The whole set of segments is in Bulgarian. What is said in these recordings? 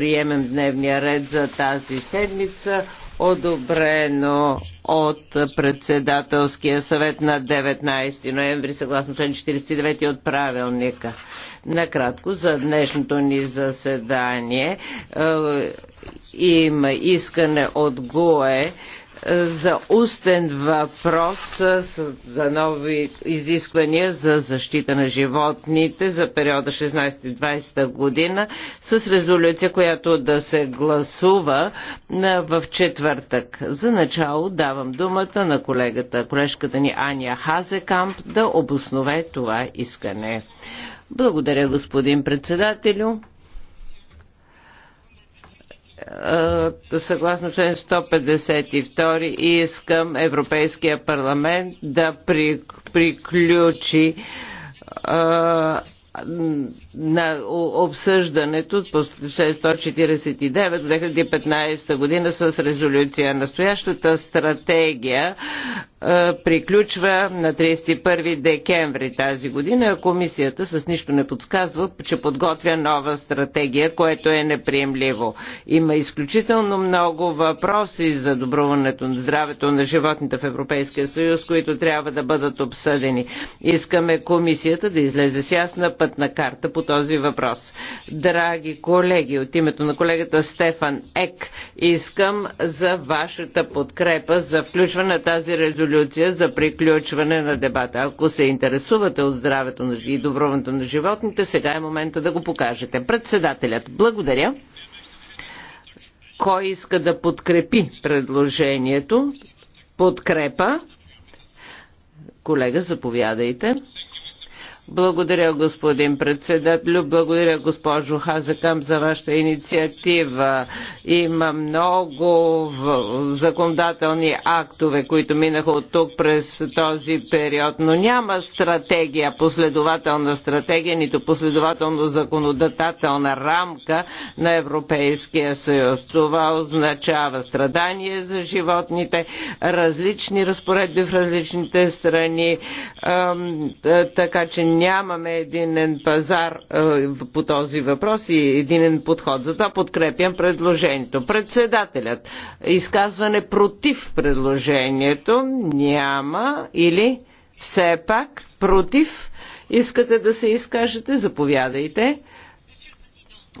приемем дневния ред за тази седмица, одобрено от председателския съвет на 19 ноември, съгласно член 49 от правилника. Накратко за днешното ни заседание има искане от ГОЕ за устен въпрос за нови изисквания за защита на животните за периода 16-20 година с резолюция, която да се гласува в четвъртък. За начало давам думата на колегата, колежката ни Аня Хазекамп да обоснове това искане. Благодаря, господин председателю. Е, съгласно член 152 искам Европейския парламент да приключи е, на обсъждането по 649 в 2015 година с резолюция. Настоящата стратегия е, приключва на 31 декември тази година, а комисията с нищо не подсказва, че подготвя нова стратегия, което е неприемливо. Има изключително много въпроси за добруването на здравето на животните в Европейския съюз, които трябва да бъдат обсъдени. Искаме комисията да излезе с ясна път пътна карта по този въпрос. Драги колеги, от името на колегата Стефан Ек искам за вашата подкрепа за включване на тази резолюция за приключване на дебата. Ако се интересувате от здравето и доброването на животните, сега е момента да го покажете. Председателят, благодаря. Кой иска да подкрепи предложението? Подкрепа. Колега, заповядайте. Благодаря, господин председател, Благодаря, госпожо Хазакам, за вашата инициатива. Има много законодателни актове, които минаха от тук през този период, но няма стратегия, последователна стратегия, нито последователно законодателна рамка на Европейския съюз. Това означава страдание за животните, различни разпоредби в различните страни, така че нямаме единен пазар е, по този въпрос и единен подход. Затова подкрепям предложението. Председателят. Изказване против предложението няма или все пак против. Искате да се изкажете? Заповядайте.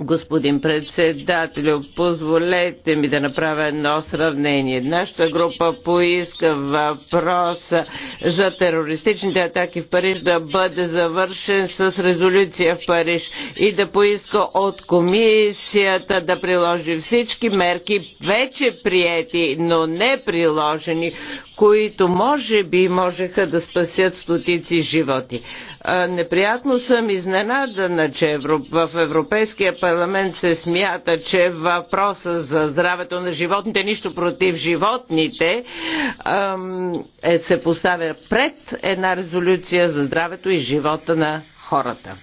Господин председател, позволете ми да направя едно сравнение. Нашата група поиска въпроса за терористичните атаки в Париж да бъде завършен с резолюция в Париж и да поиска от комисията да приложи всички мерки, вече приети, но не приложени, които може би можеха да спасят стотици животи. Неприятно съм изненадана, че в Европейския парламент се смята, че въпроса за здравето на животните, нищо против животните, е, се поставя пред една резолюция за здравето и живота на хората.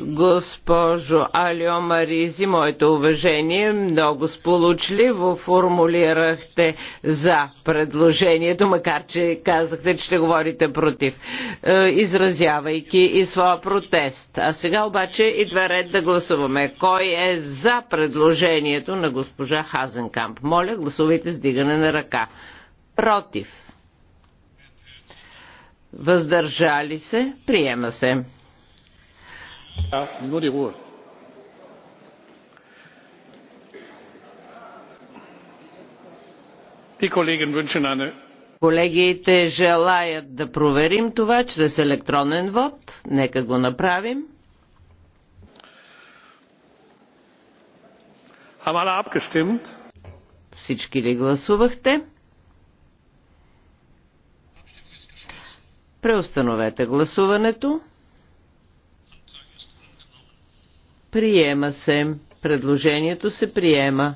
Госпожо Алио Маризи, моето уважение, много сполучливо формулирахте за предложението, макар че казахте, че ще говорите против, е, изразявайки и своя протест. А сега обаче идва ред да гласуваме. Кой е за предложението на госпожа Хазенкамп? Моля, гласувайте с дигане на ръка. Против. Въздържали се? Приема се nur die ruhe. Колегите желаят да проверим това чрез електронен вод. Нека го направим. Всички ли гласувахте? Преустановете гласуването. Приема се. Предложението се приема.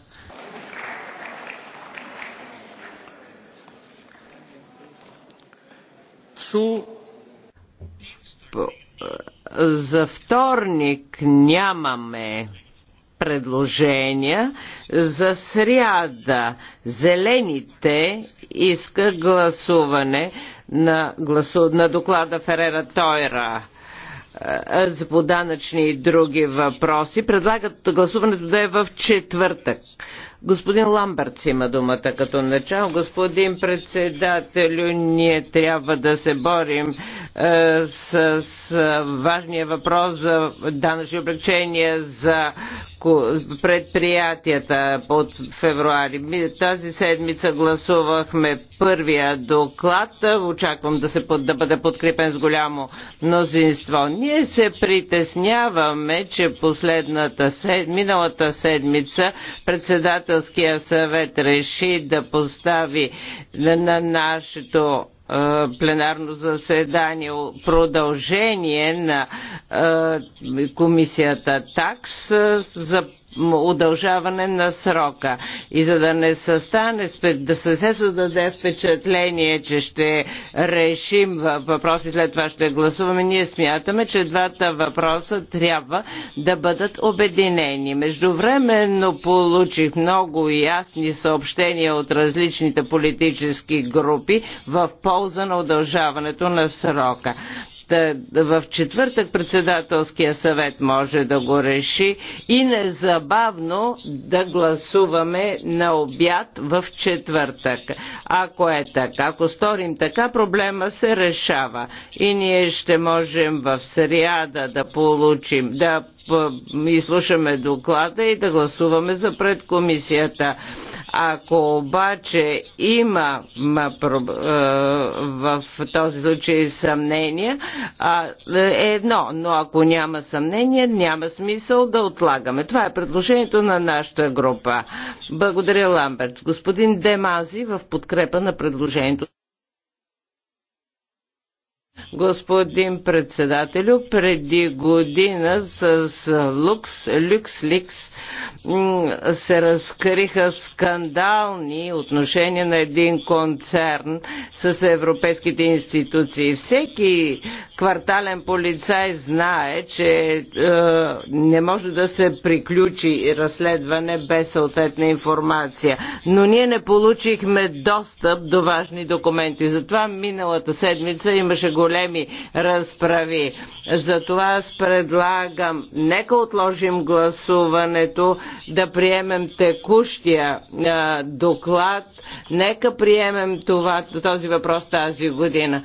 Су... За вторник нямаме предложения. За сряда зелените иска гласуване на, гласу... на доклада Ферера Тойра за поданъчни и други въпроси. Предлагат гласуването да е в четвъртък. Господин Ламбърц има думата като начало. Господин председателю, ние трябва да се борим е, с важния въпрос за данъчни облегчения за предприятията от февруари. Тази седмица гласувахме първия доклад. Очаквам да, се, да бъде подкрепен с голямо мнозинство. Ние се притесняваме, че последната сед... миналата седмица председателския съвет реши да постави на нашето пленарно заседание продължение на комисията ТАКС за удължаване на срока. И за да не състане, да се създаде впечатление, че ще решим въпроси, след това ще гласуваме, ние смятаме, че двата въпроса трябва да бъдат обединени. Междувременно получих много ясни съобщения от различните политически групи в полза на удължаването на срока в четвъртък председателския съвет може да го реши и незабавно да гласуваме на обяд в четвъртък. Ако е така, ако сторим така, проблема се решава и ние ще можем в сряда да получим, да изслушаме доклада и да гласуваме за пред комисията. Ако обаче има е, в този случай съмнение, е едно, но ако няма съмнение, няма смисъл да отлагаме. Това е предложението на нашата група. Благодаря, Ламберт. Господин Демази в подкрепа на предложението. Господин председателю, преди година с Лукс, Люкс Ликс се разкриха скандални отношения на един концерн с европейските институции. Всеки квартален полицай знае, че е, не може да се приключи разследване без съответна информация. Но ние не получихме достъп до важни документи. Затова миналата седмица имаше големи разправи. Затова аз предлагам, нека отложим гласуването да приемем текущия а, доклад. Нека приемем това, този въпрос тази година,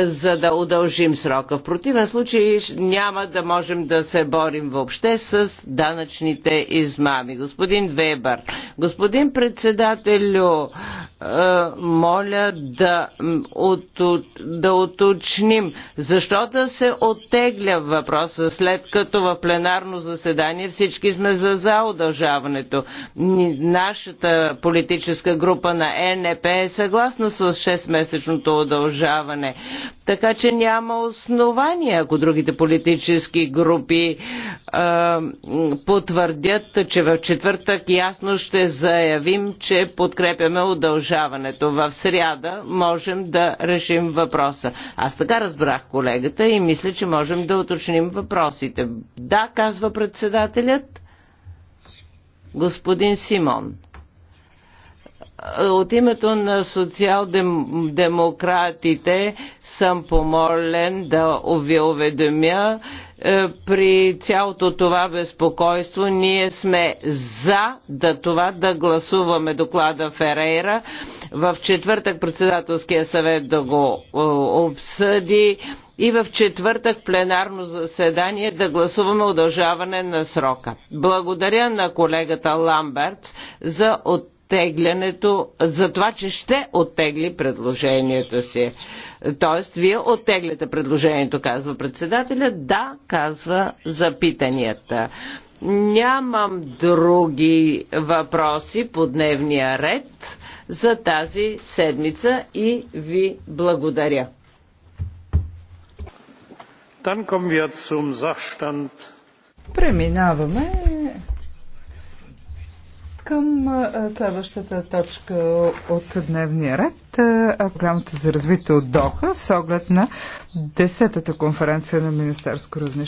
за да удължим срока. В противен случай няма да можем да се борим въобще с данъчните измами. Господин Вебър, господин председателю, моля да, да уточним защо да се оттегля въпроса, след като в пленарно заседание всички сме за за удължаването. Нашата политическа група на ЕНП е съгласна с 6-месечното удължаване. Така че няма основания, ако другите политически групи а, потвърдят, че в четвъртък ясно ще заявим, че подкрепяме удължаването. В сряда можем да решим въпроса. Аз така разбрах колегата и мисля, че можем да уточним въпросите. Да, казва председателят господин Симон. От името на социал-демократите съм помолен да ви уведомя е, при цялото това безпокойство ние сме за да това да гласуваме доклада Ферейра. В четвъртък председателския съвет да го е, обсъди и в четвъртък пленарно заседание да гласуваме удължаване на срока. Благодаря на колегата Ламберт за от оттеглянето, за това, че ще оттегли предложението си. Тоест, вие оттегляте предложението, казва председателя. Да, казва запитанията. Нямам други въпроси по дневния ред за тази седмица и ви благодаря. Преминаваме към следващата точка от дневния ред. Програмата за развитие от Доха с оглед на 10-та конференция на Министерско равнище.